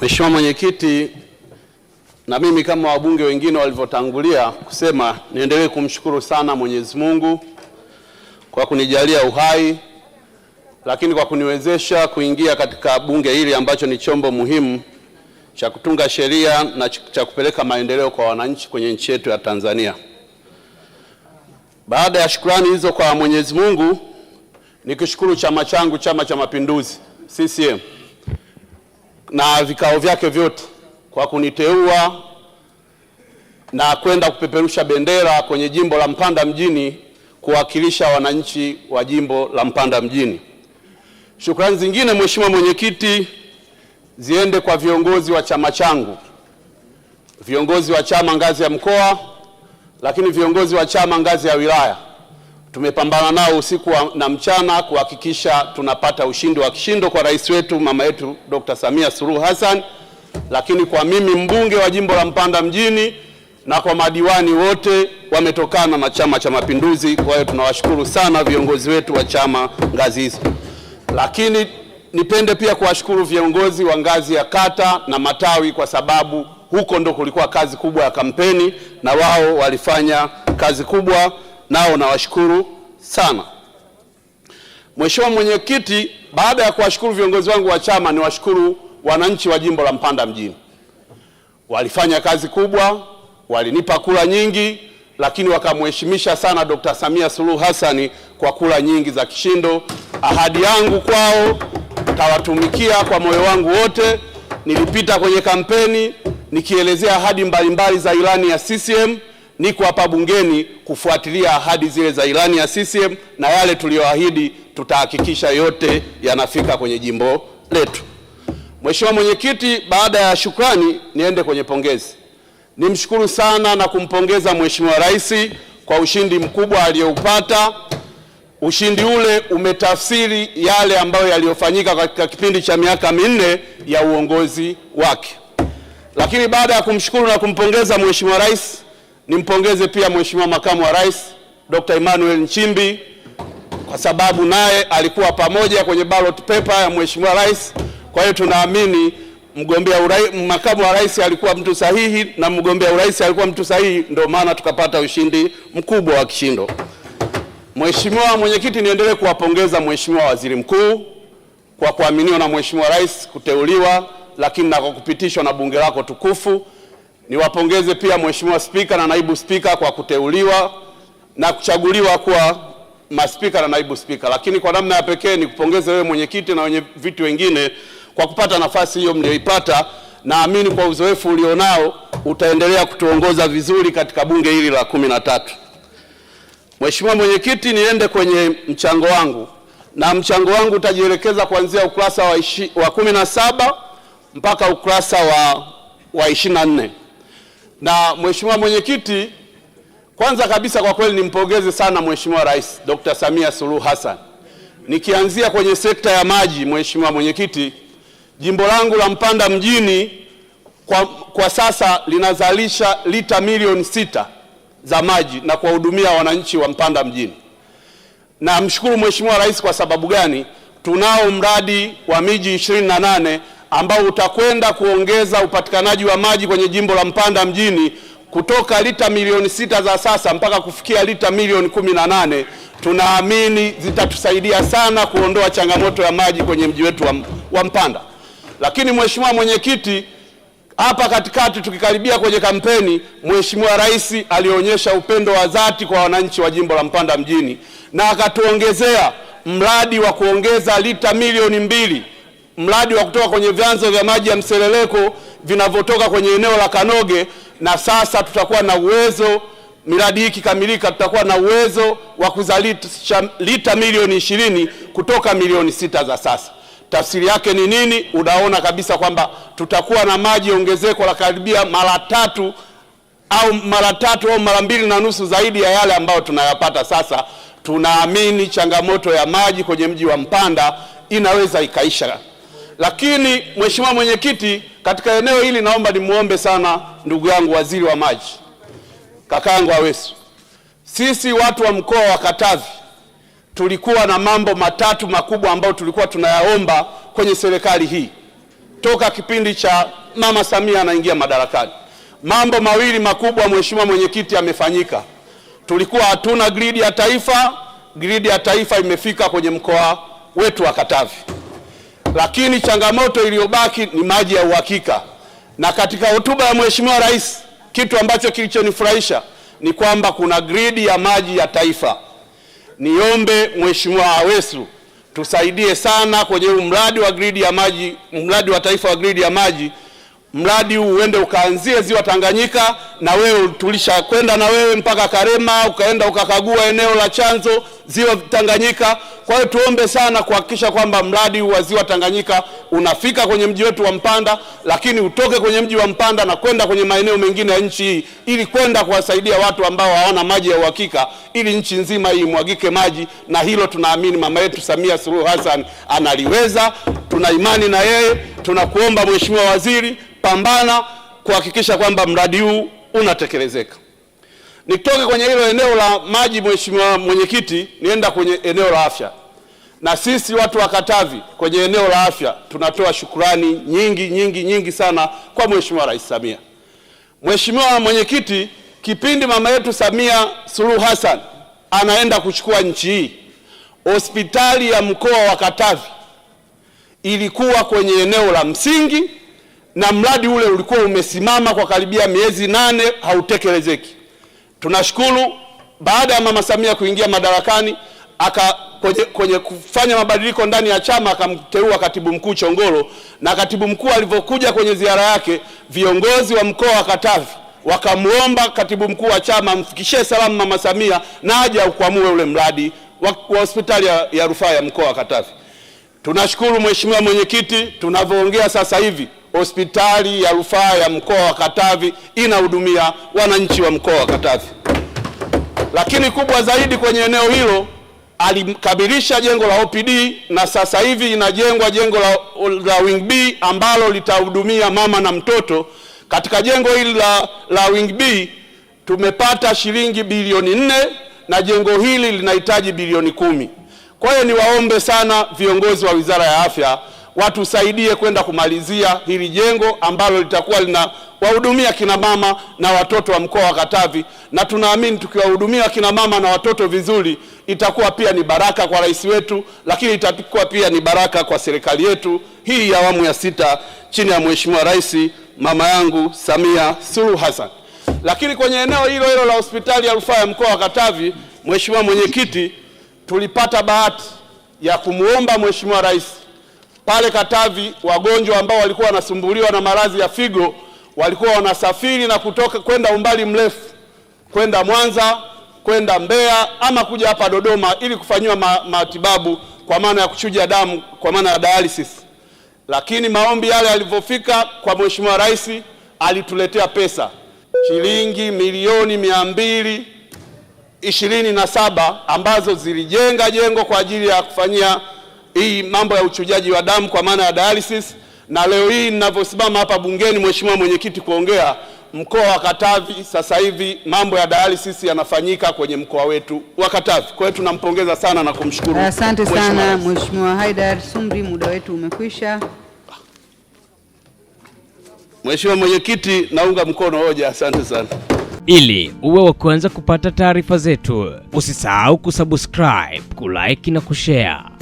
Mheshimiwa Mwenyekiti, na mimi kama wabunge wengine walivyotangulia kusema, niendelee kumshukuru sana Mwenyezi Mungu kwa kunijalia uhai, lakini kwa kuniwezesha kuingia katika bunge hili ambacho ni chombo muhimu cha kutunga sheria na cha kupeleka maendeleo kwa wananchi kwenye nchi yetu ya Tanzania. Baada ya shukrani hizo kwa Mwenyezi Mungu, nikishukuru chama changu, Chama cha Mapinduzi CCM na vikao vyake vyote kwa kuniteua na kwenda kupeperusha bendera kwenye jimbo la Mpanda mjini kuwakilisha wananchi wa jimbo la Mpanda mjini. Shukrani zingine, Mheshimiwa Mwenyekiti, ziende kwa viongozi wa chama changu, viongozi wa chama ngazi ya mkoa, lakini viongozi wa chama ngazi ya wilaya tumepambana nao usiku na mchana kuhakikisha tunapata ushindi wa kishindo kwa rais wetu mama yetu Dr. Samia Suluhu Hassan, lakini kwa mimi mbunge wa jimbo la Mpanda mjini na kwa madiwani wote wametokana na Chama cha Mapinduzi. Kwa hiyo tunawashukuru sana viongozi wetu wa chama ngazi hizo, lakini nipende pia kuwashukuru viongozi wa ngazi ya kata na matawi, kwa sababu huko ndo kulikuwa kazi kubwa ya kampeni na wao walifanya kazi kubwa nao nawashukuru sana. Mheshimiwa Mwenyekiti, baada ya kuwashukuru viongozi wangu wa chama, niwashukuru wananchi wa jimbo la Mpanda mjini. Walifanya kazi kubwa, walinipa kura nyingi, lakini wakamheshimisha sana Dr. Samia Suluhu Hassan kwa kura nyingi za kishindo. Ahadi yangu kwao, tawatumikia kwa moyo wangu wote. Nilipita kwenye kampeni nikielezea ahadi mbalimbali za ilani ya CCM niko hapa bungeni kufuatilia ahadi zile za ilani ya CCM na yale tuliyoahidi, tutahakikisha yote yanafika kwenye jimbo letu. Mheshimiwa Mwenyekiti, baada ya shukrani niende kwenye pongezi. Nimshukuru sana na kumpongeza Mheshimiwa Rais kwa ushindi mkubwa aliyoupata. Ushindi ule umetafsiri yale ambayo yaliyofanyika katika kipindi cha miaka minne ya uongozi wake. Lakini baada ya kumshukuru na kumpongeza Mheshimiwa Rais Nimpongeze pia Mheshimiwa Makamu wa Rais Dr. Emmanuel Nchimbi kwa sababu naye alikuwa pamoja kwenye ballot paper ya Mheshimiwa Rais. Kwa hiyo tunaamini mgombea makamu wa rais alikuwa mtu sahihi na mgombea urais alikuwa mtu sahihi, ndio maana tukapata ushindi mkubwa wa kishindo. Mheshimiwa Mwenyekiti, niendelee kuwapongeza Mheshimiwa Waziri Mkuu kwa kuaminiwa na Mheshimiwa Rais kuteuliwa, lakini na kwa kupitishwa na bunge lako tukufu. Niwapongeze pia Mheshimiwa Spika na Naibu Spika kwa kuteuliwa na kuchaguliwa kuwa maspika na naibu spika, lakini kwa namna ya pekee ni wewe mwenyekiti na wenye viti wengine kwa kupata nafasi hiyo mliyoipata. Naamini kwa uzoefu ulionao utaendelea kutuongoza vizuri katika bunge hili la kumi na tatu. Mheshimiwa mwenyekiti, niende kwenye mchango wangu na mchango wangu utajielekeza kuanzia ukurasa wa kumi na saba mpaka ukurasa wa ishirini na nne. Na Mheshimiwa Mwenyekiti, kwanza kabisa kwa kweli nimpongeze sana Mheshimiwa Rais Dr. Samia Suluhu Hassan. Nikianzia kwenye sekta ya maji, Mheshimiwa Mwenyekiti, jimbo langu la Mpanda mjini kwa, kwa sasa linazalisha lita milioni sita za maji na kuwahudumia wananchi wa Mpanda mjini. Na mshukuru Mheshimiwa Rais kwa sababu gani? Tunao mradi wa miji 28 ambao utakwenda kuongeza upatikanaji wa maji kwenye jimbo la Mpanda mjini kutoka lita milioni sita za sasa mpaka kufikia lita milioni kumi na nane tunaamini zitatusaidia sana kuondoa changamoto ya maji kwenye mji wetu wa, Mpanda. Lakini Mheshimiwa Mwenyekiti, hapa katikati tukikaribia kwenye kampeni, Mheshimiwa Rais alionyesha upendo wa dhati kwa wananchi wa jimbo la Mpanda mjini na akatuongezea mradi wa kuongeza lita milioni mbili mradi wa kutoka kwenye vyanzo vya maji ya mseleleko vinavyotoka kwenye eneo la Kanoge, na sasa tutakuwa na uwezo, miradi hii ikikamilika, tutakuwa na uwezo wa kuzalisha lita milioni ishirini kutoka milioni sita za sasa. Tafsiri yake ni nini? Unaona kabisa kwamba tutakuwa na maji ongezeko la karibia mara tatu au mara tatu au mara mbili na nusu zaidi ya yale ambayo tunayapata sasa. Tunaamini changamoto ya maji kwenye mji wa Mpanda inaweza ikaisha. Lakini Mheshimiwa Mwenyekiti, katika eneo hili naomba nimwombe sana ndugu yangu waziri wa maji, kakaangu awesu Sisi watu wa mkoa wa Katavi tulikuwa na mambo matatu makubwa ambayo tulikuwa tunayaomba kwenye serikali hii toka kipindi cha Mama Samia anaingia madarakani. Mambo mawili makubwa, Mheshimiwa Mwenyekiti, yamefanyika. Tulikuwa hatuna gridi ya taifa, gridi ya taifa imefika kwenye mkoa wetu wa Katavi lakini changamoto iliyobaki ni maji ya uhakika. Na katika hotuba ya Mheshimiwa Rais, kitu ambacho kilichonifurahisha ni kwamba kuna gridi ya maji ya taifa. Niombe Mheshimiwa Awesu tusaidie sana kwenye mradi wa gridi ya maji, mradi wa taifa wa gridi ya maji mradi huu uende ukaanzie ziwa Tanganyika, na wewe tulishakwenda na wewe mpaka Karema, ukaenda ukakagua eneo la chanzo ziwa Tanganyika. Kwa hiyo tuombe sana kuhakikisha kwamba mradi huu wa ziwa Tanganyika unafika kwenye mji wetu wa Mpanda, lakini utoke kwenye mji wa Mpanda na kwenda kwenye maeneo mengine ya nchi hii, ili kwenda kuwasaidia watu ambao hawana maji ya uhakika, ili nchi nzima hii mwagike maji, na hilo tunaamini mama yetu Samia Suluhu Hassan analiweza. Tuna imani na yeye. Tunakuomba Mheshimiwa Waziri kupambana kuhakikisha kwamba mradi huu unatekelezeka. Nitoke kwenye hilo eneo la maji, Mheshimiwa Mwenyekiti, nienda kwenye eneo la afya. Na sisi watu wa Katavi kwenye eneo la afya tunatoa shukurani nyingi nyingi nyingi sana kwa Mheshimiwa Rais Samia. Mheshimiwa Mwenyekiti, kipindi mama yetu Samia Suluhu Hassan anaenda kuchukua nchi hii, hospitali ya mkoa wa Katavi ilikuwa kwenye eneo la msingi na mradi ule ulikuwa umesimama kwa karibia miezi nane hautekelezeki. Tunashukuru baada ya Mama Samia kuingia madarakani aka kwenye, kwenye kufanya mabadiliko ndani ya chama akamteua katibu mkuu Chongolo, na katibu mkuu alivyokuja kwenye ziara yake, viongozi wa mkoa wa Katavi wakamwomba katibu mkuu wa chama amfikishie salamu Mama Samia na aje aukwamue ule mradi wa, wa hospitali ya, ya rufaa ya mkoa wa Katavi. Tunashukuru mheshimiwa mwenyekiti, tunavyoongea sasa hivi hospitali ya rufaa ya mkoa wa Katavi inahudumia wananchi wa mkoa wa Katavi. Lakini kubwa zaidi kwenye eneo hilo alikabilisha jengo la OPD na sasa hivi inajengwa jengo la, la wing B ambalo litahudumia mama na mtoto. Katika jengo hili la, la wing B tumepata shilingi bilioni nne na jengo hili linahitaji bilioni kumi. Kwa hiyo niwaombe sana viongozi wa Wizara ya Afya watusaidie kwenda kumalizia hili jengo ambalo litakuwa lina wahudumia kina mama na watoto wa mkoa wa Katavi, na tunaamini tukiwahudumia kina mama na watoto vizuri, itakuwa pia ni baraka kwa rais wetu, lakini itakuwa pia ni baraka kwa serikali yetu hii ya awamu ya sita chini ya Mheshimiwa Rais mama yangu Samia Suluhu Hassan. Lakini kwenye eneo hilo hilo la hospitali ya rufaa ya mkoa wa Katavi, Mheshimiwa Mwenyekiti, tulipata bahati ya kumwomba Mheshimiwa Rais pale Katavi, wagonjwa ambao walikuwa wanasumbuliwa na maradhi ya figo walikuwa wanasafiri na kutoka kwenda umbali mrefu kwenda Mwanza, kwenda Mbeya ama kuja hapa Dodoma ili kufanyiwa ma matibabu kwa maana ya kuchuja damu kwa maana ya dialysis. Lakini maombi yale yalivyofika kwa Mheshimiwa Rais, alituletea pesa shilingi milioni mia mbili ishirini na saba ambazo zilijenga jengo kwa ajili ya kufanyia hii mambo ya uchujaji wa damu kwa maana ya dialysis, na leo hii ninavyosimama hapa bungeni, mheshimiwa mwenyekiti, kuongea mkoa wa Katavi, sasa hivi mambo ya dialysis yanafanyika kwenye mkoa wetu wa Katavi. Kwa hiyo tunampongeza sana na kumshukuru. Asante sana Mheshimiwa Haidar Sumri, muda wetu umekwisha. Mheshimiwa mwenyekiti, naunga mkono hoja, asante sana. Ili uwe wa kwanza kupata taarifa zetu, usisahau kusubscribe, kulike na kushare.